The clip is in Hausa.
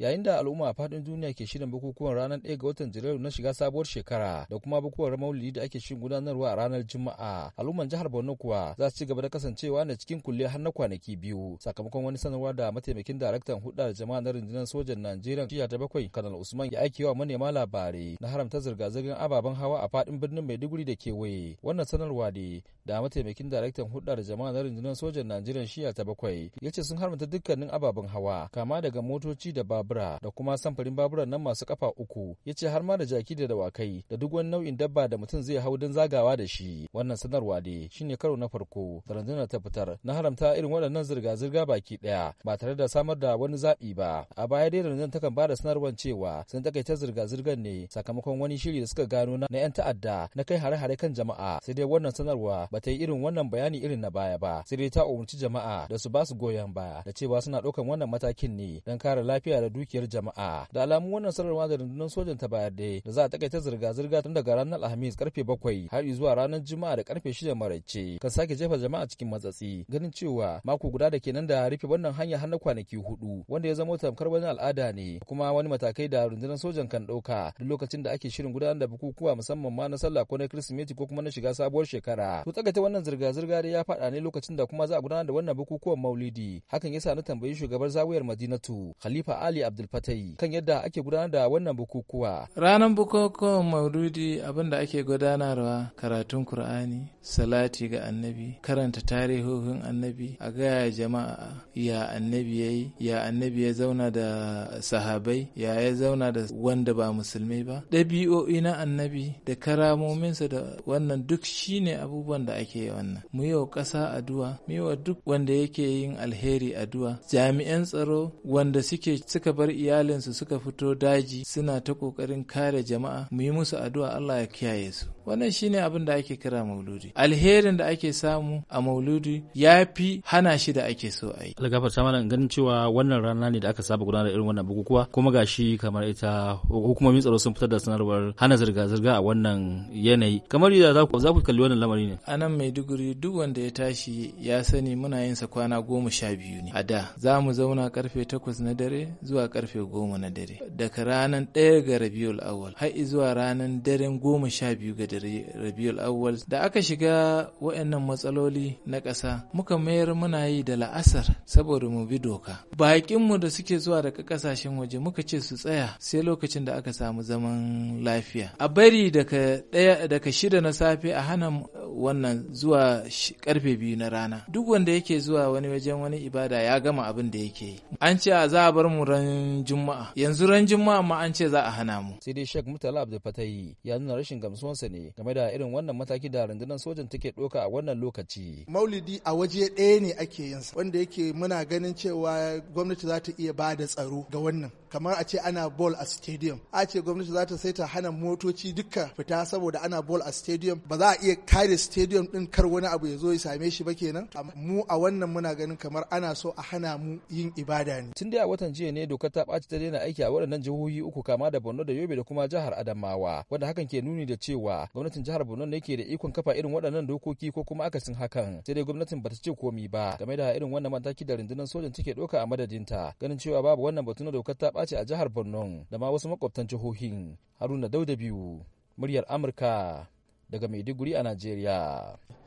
yayin da al'umma a faɗin duniya ke shirin bukukuwan ranar 1 ga watan Janairu na shiga sabuwar shekara da kuma bukukuwan maulidi da ake shirin gudanarwa a ranar Juma'a al'umman jihar Borno kuwa za su ci gaba da kasancewa na cikin kulle har na kwanaki biyu sakamakon wani sanarwa da mataimakin daraktan hudar da jama'a na rundunar sojan Najeriya jiya ta bakwai Kanal Usman ya aike wa manema labarai na haramta zirga-zirgar ababen hawa a faɗin birnin Maiduguri da kewaye wannan sanarwa ne da mataimakin daraktan hudar da jama'a na rundunar sojan Najeriya jiya ta bakwai ya ce sun haramta dukkanin ababen hawa kama daga motoci da babu babura da kuma samfarin baburan nan masu kafa uku ya ce har ma da jaki da dawakai da duk wani nau'in dabba da mutum zai hau don zagawa da shi wannan sanarwa ne shine karo na farko da ta fitar na haramta irin waɗannan zirga-zirga baki ɗaya ba tare da samar da wani zaɓi ba a baya dai rundunar takan ba da sanarwar cewa sun takaita zirga-zirgar ne sakamakon wani shiri da suka gano na 'yan ta'adda na kai hare-hare kan jama'a sai dai wannan sanarwa ba ta yi irin wannan bayani irin na baya ba sai dai ta umarci jama'a da su ba su goyon baya da cewa suna ɗaukan wannan matakin ne don kare lafiya da dukiyar jama'a da alamu wannan sanarwa da rundunar sojan ta bayar da da za a takaita zirga-zirga tun daga ranar alhamis karfe bakwai har zuwa ranar juma'a da karfe shida maraice Ka sake jefa jama'a cikin matsatsi ganin cewa mako guda da nan da rufe wannan hanya har na kwanaki hudu wanda ya zama tamkar wani al'ada ne kuma wani matakai da rundunar sojan kan ɗauka duk lokacin da ake shirin gudanar da bukukuwa musamman ma na sallah ko na kirsimeti ko kuma na shiga sabuwar shekara to takaita wannan zirga-zirga ya faɗa ne lokacin da kuma za a gudanar da wannan bukukuwan maulidi hakan yasa na tambayi shugabar zawiyar madinatu khalifa ali Alhaji Abdulfatai kan yadda ake gudanar da wannan bukukuwa. Ranar bukukuwan Mauludi abin da ake gudanarwa karatun Kur'ani, salati ga annabi, karanta tarihohin annabi, a gaya jama'a ya annabi ya ya annabi ya zauna da sahabai, ya ya zauna da wanda ba musulmai ba. Ɗabi'o'i na annabi da karamominsa da wannan duk shine abubuwan da ake wannan. Mu yi wa ƙasa addu'a, mu yi duk wanda yake yin alheri addu'a. Jami'an tsaro wanda suke suka suka bar iyalinsu suka fito daji suna ta kokarin kare jama'a mu yi musu addu'a Allah ya kiyaye su wannan shine abin da ake kira mauludi alherin da ake samu a mauludi ya fi hana shi da ake so a yi algafar ta malam ganin cewa wannan rana ne da aka saba gudanar irin wannan bukukuwa kuma shi kamar ita hukumomin tsaro sun fitar da sanarwar hana zirga-zirga a wannan yanayi kamar yadda za ku kalli wannan lamari ne a nan maiduguri duk wanda ya tashi ya sani muna yin sa kwana goma sha biyu ne a da za mu zauna karfe takwas na dare zuwa zuwa karfe goma na dare daga ranar ɗaya ga rabiul awal har zuwa ranar daren goma sha biyu ga dare rabiul awal da aka shiga waɗannan matsaloli na ƙasa muka mayar muna yi da la'asar saboda mu bi doka baƙinmu da suke zuwa daga ƙasashen waje muka ce su tsaya sai lokacin da aka samu zaman lafiya a bari daga daya daga shida na safe a hana wannan zuwa karfe biyu na rana duk wanda yake zuwa wani wajen wani ibada ya gama abin da yake yi an ce a za a bar mu ran juma'a yanzu ran juma'a ma an ce za a hana mu sai dai shek mutala abdul fatayi ya nuna rashin gamsuwansa ne game da irin wannan mataki da rundunar sojan take ɗauka a wannan lokaci maulidi a waje ɗaya ne ake yin sa wanda yake muna ganin cewa gwamnati za ta iya ba da tsaro ga wannan kamar a ce ana ball a stadium a ce gwamnati za ta sai hana motoci dukka fita saboda ana ball a stadium ba za a iya kare stadium din kar wani abu ya zo ya same shi ba kenan mu a wannan muna ganin kamar ana so a hana mu yin ibada ne tun da a watan jiya ne dokar ta ɓaci ta daina aiki a waɗannan jihohi uku kama da Borno da Yobe da kuma jihar Adamawa wanda hakan ke nuni da cewa gwamnatin jihar Borno ne ke da ikon kafa irin waɗannan dokoki ko kuma akasin hakan sai dai gwamnatin bata ce komi ba game da irin wannan mataki da rundunar sojan take ɗauka a madadinta ganin cewa babu wannan batu na dokar ta ɓaci a jihar borno da ma wasu makwabtan jihohin haruna dauda biyu muryar amurka daga maiduguri a najeriya